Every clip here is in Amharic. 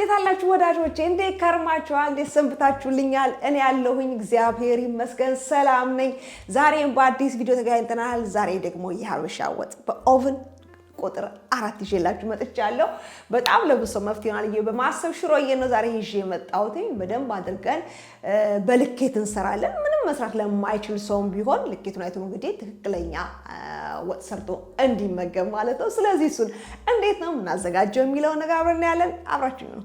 እንዴት አላችሁ ወዳጆቼ? እንዴት ከርማችኋል? እንዴት ሰንብታችሁልኛል? እኔ ያለሁኝ እግዚአብሔር ይመስገን ሰላም ነኝ። ዛሬም በአዲስ ቪዲዮ ተገናኝተናል። ዛሬ ደግሞ የሀበሻ ወጥ በኦቭን ቁጥር አራት ይዤላችሁ መጥቻለሁ። በጣም ለብሶ መፍትሄ ይሆናል ብዬ በማሰብ ሽሮዬ ነው ዛሬ ይዤ የመጣሁት። በደንብ አድርገን በልኬት እንሰራለን። ምንም መስራት ለማይችል ሰውም ቢሆን ልኬቱን አይቶ እንግዲህ ትክክለኛ ወጥ ሰርቶ እንዲመገብ ማለት ነው። ስለዚህ እሱን እንዴት ነው የምናዘጋጀው የሚለውን ነገር አብረን እናያለን። አብራችሁ ነው።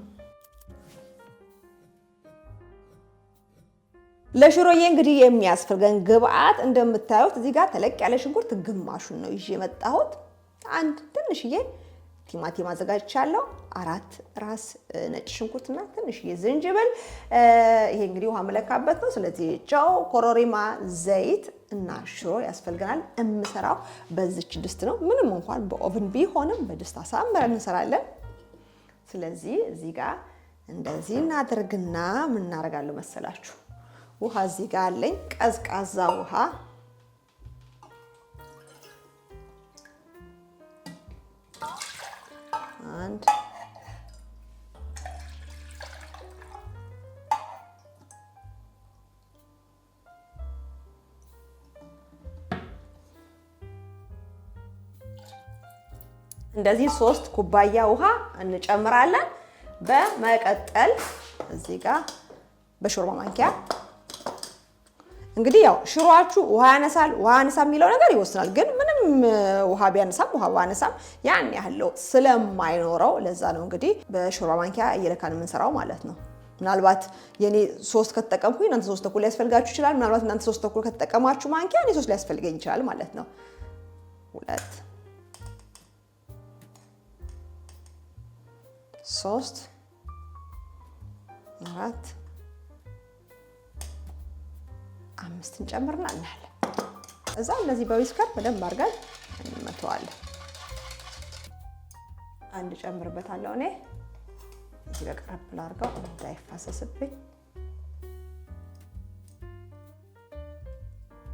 ለሽሮዬ እንግዲህ የሚያስፈልገን ግብአት እንደምታዩት እዚህ ጋር ተለቅ ያለ ሽንኩርት ግማሹን ነው ይዤ የመጣሁት። አንድ ትንሽዬ ቲማቲም አዘጋጅቻለሁ። አራት ራስ ነጭ ሽንኩርትና ትንሽዬ ዝንጅብል። ይሄ እንግዲህ ውሃ መለካበት ነው። ስለዚህ ጨው፣ ኮሮሪማ፣ ዘይት እና ሽሮ ያስፈልገናል። እምሰራው በዚች ድስት ነው። ምንም እንኳን በኦቭን ቢሆንም በድስት አሳምረን እንሰራለን። ስለዚህ እዚህ ጋር እንደዚህ እናድርግና ምን እናደርጋለሁ መሰላችሁ? ውሃ እዚህ ጋር አለኝ፣ ቀዝቃዛ ውሃ አንድ እንደዚህ ሶስት ኩባያ ውሃ እንጨምራለን። በመቀጠል እዚህ ጋር በሾርባ ማንኪያ እንግዲህ ያው ሽሯችሁ ውሃ ያነሳል ውሃ ያነሳ የሚለው ነገር ይወስናል። ግን ምንም ውሃ ቢያነሳም ውሃ ባነሳም ያን ያህል ለውጥ ስለማይኖረው ለዛ ነው እንግዲህ በሽሯ ማንኪያ እየለካን የምንሰራው ማለት ነው። ምናልባት የኔ ሶስት ከተጠቀምኩ እናንተ ሶስት ተኩል ሊያስፈልጋችሁ ይችላል። ምናልባት እናንተ ሶስት ተኩል ከተጠቀማችሁ ማንኪያ እኔ ሶስት ሊያስፈልገኝ ይችላል ማለት ነው። ሁለት ሶስት አራት አምስት እንጨምርና እናያለን። እዛ እነዚህ በዊስከር በደንብ አድርገን እንመተዋለን። አንድ ጨምርበታለሁ እኔ እዚህ በቀረብ ላድርገው እንዳይፋሰስብኝ።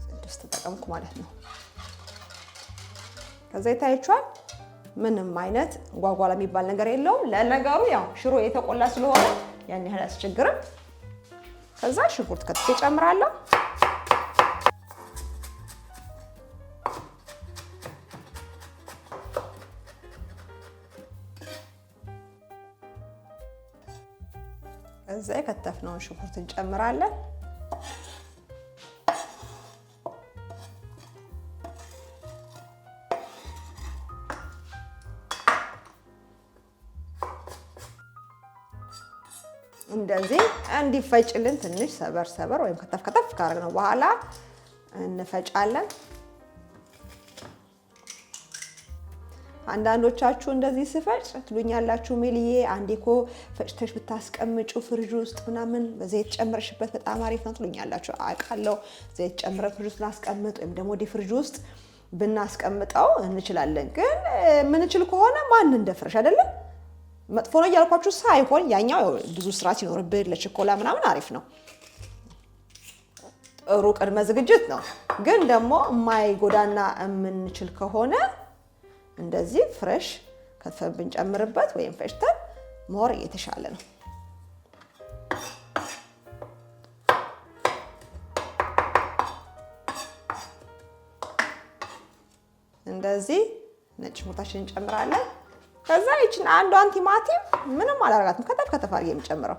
ስድስት ተጠቀምኩ ማለት ነው። ከዛ ይታያችኋል። ምንም አይነት ጓጓላ የሚባል ነገር የለውም። ለነገሩ ያው ሽሮ የተቆላ ስለሆነ ያን ያህል አያስቸግርም። ከዛ ሽንኩርት ከትፌ ጨምራለሁ። የፈለግነውን ሽንኩርት እንጨምራለን። እንደዚህ እንዲፈጭልን ትንሽ ሰበር ሰበር ወይም ከተፍ ከተፍ ካደረግነው በኋላ እንፈጫለን። አንዳንዶቻችሁ እንደዚህ ስፈጭ ትሉኛላችሁ፣ ሜልዬ አንዴ እኮ ፈጭተሽ ብታስቀምጩ ፍርጅ ውስጥ ምናምን ዘይት ጨምረሽበት በጣም አሪፍ ነው ትሉኛላችሁ። አውቃለሁ። ዘይት ጨምረ ፍርጅ ውስጥ እናስቀምጥ ወይም ደግሞ ፍርጅ ውስጥ ብናስቀምጠው እንችላለን። ግን ምንችል ከሆነ ማን እንደፍረሽ አይደለም መጥፎ ነው እያልኳችሁ ሳይሆን ያኛው ብዙ ስራ ሲኖርብን ለችኮላ ምናምን አሪፍ ነው፣ ጥሩ ቅድመ ዝግጅት ነው። ግን ደግሞ የማይጎዳና የምንችል ከሆነ እንደዚህ ፍረሽ ከትፈን ብንጨምርበት ወይም ፈጭተን ሞር የተሻለ ነው። እንደዚህ ነጭ ሽንኩርታችን እንጨምራለን። ከዛ ይችን አንዷን ቲማቲም ምንም አላረጋትም ከተፍ ከተፍ አድርጌ የምጨምረው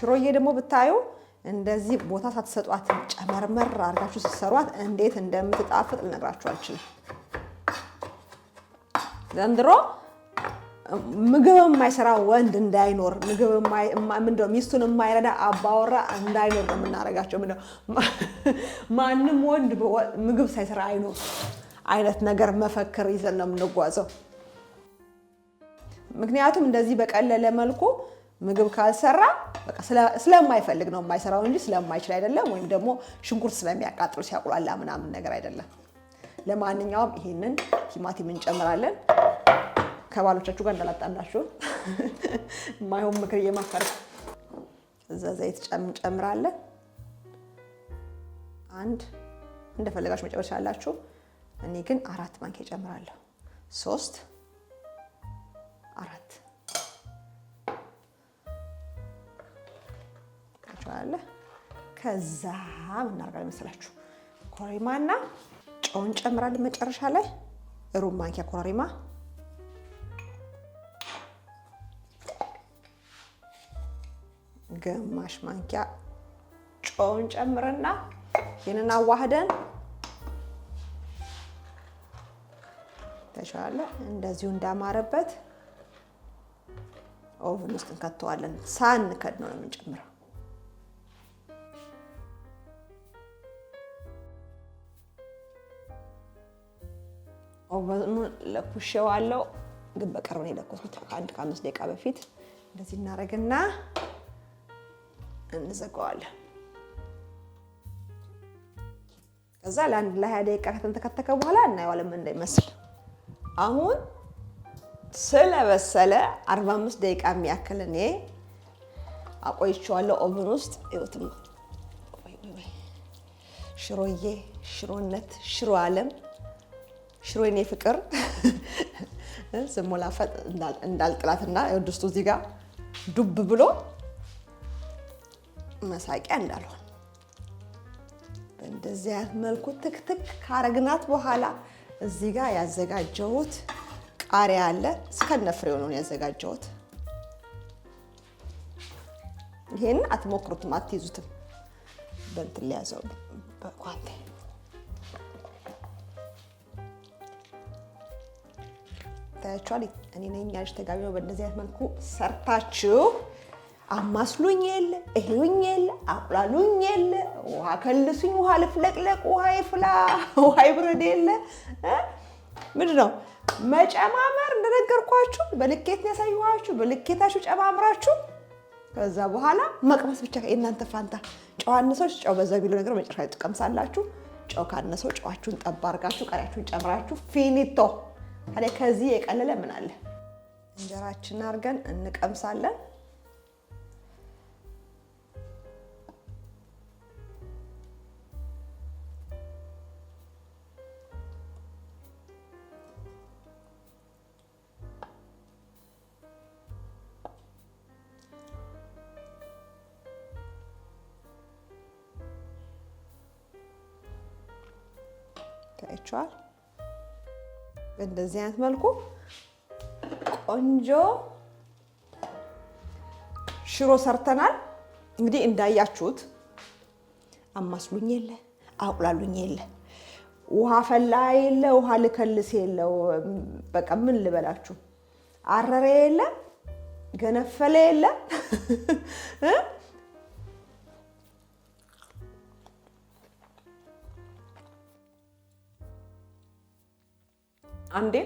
ሽሮዬ ደግሞ ብታዩ እንደዚህ ቦታ ሳትሰጧት ጨመርመር አድርጋችሁ ስትሰሯት እንዴት እንደምትጣፍጥ ልነግራችሁ አልችልም። ዘንድሮ ምግብ የማይሰራ ወንድ እንዳይኖር ምግብ ምንድነው ሚስቱን የማይረዳ አባወራ እንዳይኖር ነው የምናደርጋቸው። ማንም ወንድ ምግብ ሳይሰራ አይኖር አይነት ነገር መፈክር ይዘን ነው የምንጓዘው። ምክንያቱም እንደዚህ በቀለለ መልኩ ምግብ ካልሰራ በቃ ስለማይፈልግ ነው የማይሰራው እንጂ ስለማይችል አይደለም። ወይም ደግሞ ሽንኩርት ስለሚያቃጥሉ ሲያቁላላ ምናምን ነገር አይደለም። ለማንኛውም ይሄንን ቲማቲም እንጨምራለን። ከባሎቻችሁ ጋር እንዳላጣላችሁ የማይሆን ምክር እየማከር እዛ ዘይት እንጨምራለን። አንድ እንደፈለጋችሁ መጨመር ትችላላችሁ። እኔ ግን አራት ማንኪያ እጨምራለሁ። ሶስት አራት ከዛ ምን እናደርጋለን መሰላችሁ? እና ጨው እንጨምራለን። መጨረሻ ላይ ሩብ ማንኪያ ኮሪማ ግማሽ ማንኪያ ጨውን ጨምርና ይህንን አዋህደን ተሻለ እንደዚሁ እንዳማረበት ኦቭን ውስጥ እንከተዋለን። ሳንከድ ነው የምንጨምረው። ኦቨኑን ለኩሼዋለሁ፣ ግን በቅርብ ነው የለኩት። ከአንድ ከአምስት ደቂቃ በፊት እንደዚህ እናደርግና እንዘጋዋለን። ከዛ ለአንድ ለሀያ ደቂቃ ከተንተከተከ በኋላ እናየዋለን ምን እንዳይመስል። አሁን ስለበሰለ 45 ደቂቃ የሚያክል እኔ አቆይቼዋለሁ ኦቨን ውስጥ ይወትም ሽሮዬ፣ ሽሮነት፣ ሽሮ አለም ሽሮ የኔ ፍቅር ስሞላ ፈጥ እንዳልጥላትና ድስቱ እዚህ ጋር ዱብ ብሎ መሳቂያ እንዳልሆን በእንደዚህ አይነት መልኩ ትክትክ ካረግናት በኋላ እዚህ ጋር ያዘጋጀሁት ቃሪያ አለ። እስከነ ፍሬው ነው ያዘጋጀሁት። ይሄን አትሞክሩትም፣ አትይዙትም። በእንትን ሊያዘው በኳንቴ ታያችኋል። እኔ ነኝ ያልሽ ተጋቢ ነው። በእንደዚህ አይነት መልኩ ሰርታችሁ አማስሉኝ የለ እህዩኝ የለ አቁላሉኝ የለ ውሃ ከልሱኝ፣ ውሃ ልፍለቅለቅ፣ ውሃ ይፍላ፣ ውሃ ይብረድ የለ ምንድን ነው መጨማመር። እንደነገርኳችሁ በልኬት ነው ያሳየኋችሁ። በልኬታችሁ ጨማምራችሁ ከዛ በኋላ መቅመስ ብቻ የእናንተ ፋንታ። ጨው አነሰው ጨው በዛ ቢለው ነገር መጨረሻ ትቀምሳላችሁ። ጨው ካነሰው ጨዋችሁን ጠብ አድርጋችሁ ቀሪያችሁን ጨምራችሁ ፊኒቶ ታዲያ ከዚህ የቀለለ ምን አለ? እንጀራችን አድርገን እንቀምሳለን። ታያችኋል። በእንደዚህ አይነት መልኩ ቆንጆ ሽሮ ሰርተናል። እንግዲህ እንዳያችሁት አማስሉኝ የለ አቁላሉኝ የለ ውሃ ፈላ የለ ውሃ ልከልስ የለው በቃ ምን ልበላችሁ፣ አረረ የለ ገነፈለ የለ አንዴ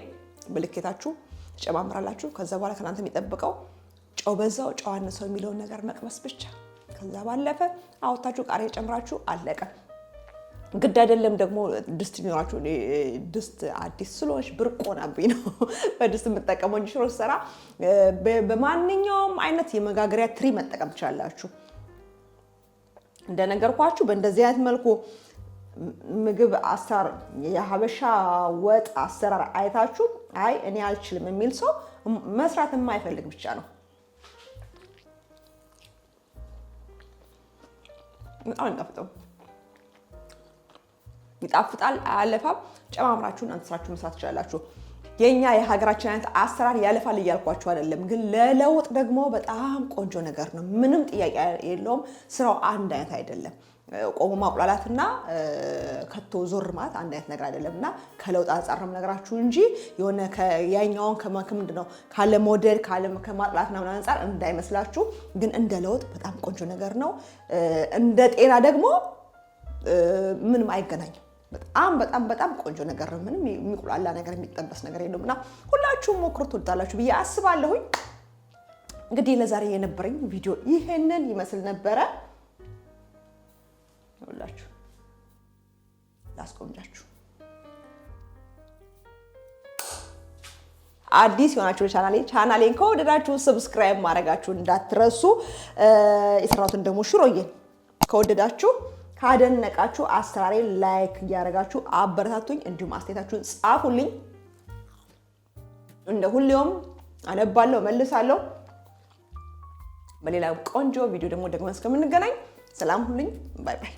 በልኬታችሁ ትጨማምራላችሁ። ከዛ በኋላ ከእናንተ የሚጠብቀው ጨው በዛው ጨው አነሰው የሚለውን ነገር መቅመስ ብቻ። ከዛ ባለፈ አወታችሁ ቃሪያ ጨምራችሁ አለቀ። ግድ አይደለም ደግሞ ድስት ቢኖራችሁ። ድስት አዲስ ስለሆንሽ ብርቅ ሆናብኝ ነው በድስት የምጠቀመው እንጂ ሽሮ ስራ በማንኛውም አይነት የመጋገሪያ ትሪ መጠቀም ትችላላችሁ። እንደነገርኳችሁ በእንደዚህ አይነት መልኩ ምግብ አሰራር የሀበሻ ወጥ አሰራር አይታችሁ አይ እኔ አልችልም የሚል ሰው መስራት የማይፈልግ ብቻ ነው። በጣም ይጣፍጠው ይጣፍጣል። አያለፋም። ጨማምራችሁን አንተ ስራችሁ መስራት ትችላላችሁ። የእኛ የሀገራችን አይነት አሰራር ያለፋል እያልኳችሁ አይደለም፣ ግን ለለውጥ ደግሞ በጣም ቆንጆ ነገር ነው። ምንም ጥያቄ የለውም። ስራው አንድ አይነት አይደለም። ቆሞ ማቁላላትና ከቶ ዞር ማለት አንድ አይነት ነገር አይደለም እና ከለውጥ አንጻርም ነገራችሁ እንጂ የሆነ ያኛውን ከምንድን ነው ካለ ሞዴል ካለ ከማጥላት ምናምን አንጻር እንዳይመስላችሁ። ግን እንደ ለውጥ በጣም ቆንጆ ነገር ነው። እንደ ጤና ደግሞ ምንም አይገናኝም። በጣም በጣም በጣም ቆንጆ ነገር ነው። ምንም የሚቁላላ ነገር የሚጠበስ ነገር የለም እና ሁላችሁም ሞክሩት ትወዳላችሁ ብዬ አስባለሁኝ። እንግዲህ ለዛሬ የነበረኝ ቪዲዮ ይህንን ይመስል ነበረ። ሁላችሁ ላስቆምላችሁ። አዲስ የሆናችሁ ቻናሌ ቻናሌን ከወደዳችሁ ሰብስክራይብ ማድረጋችሁ እንዳትረሱ። የሰራሁትን ደግሞ ሽሮዬን ከወደዳችሁ ካደነቃችሁ አሰራሬ ላይክ እያደረጋችሁ አበረታቱኝ። እንዲሁም አስተያየታችሁን ጻፉልኝ። እንደ ሁሌውም አነባለሁ፣ መልሳለሁ። በሌላ ቆንጆ ቪዲዮ ደግሞ ደግመን እስከምንገናኝ ሰላም ሁሉኝ። ባይ ባይ።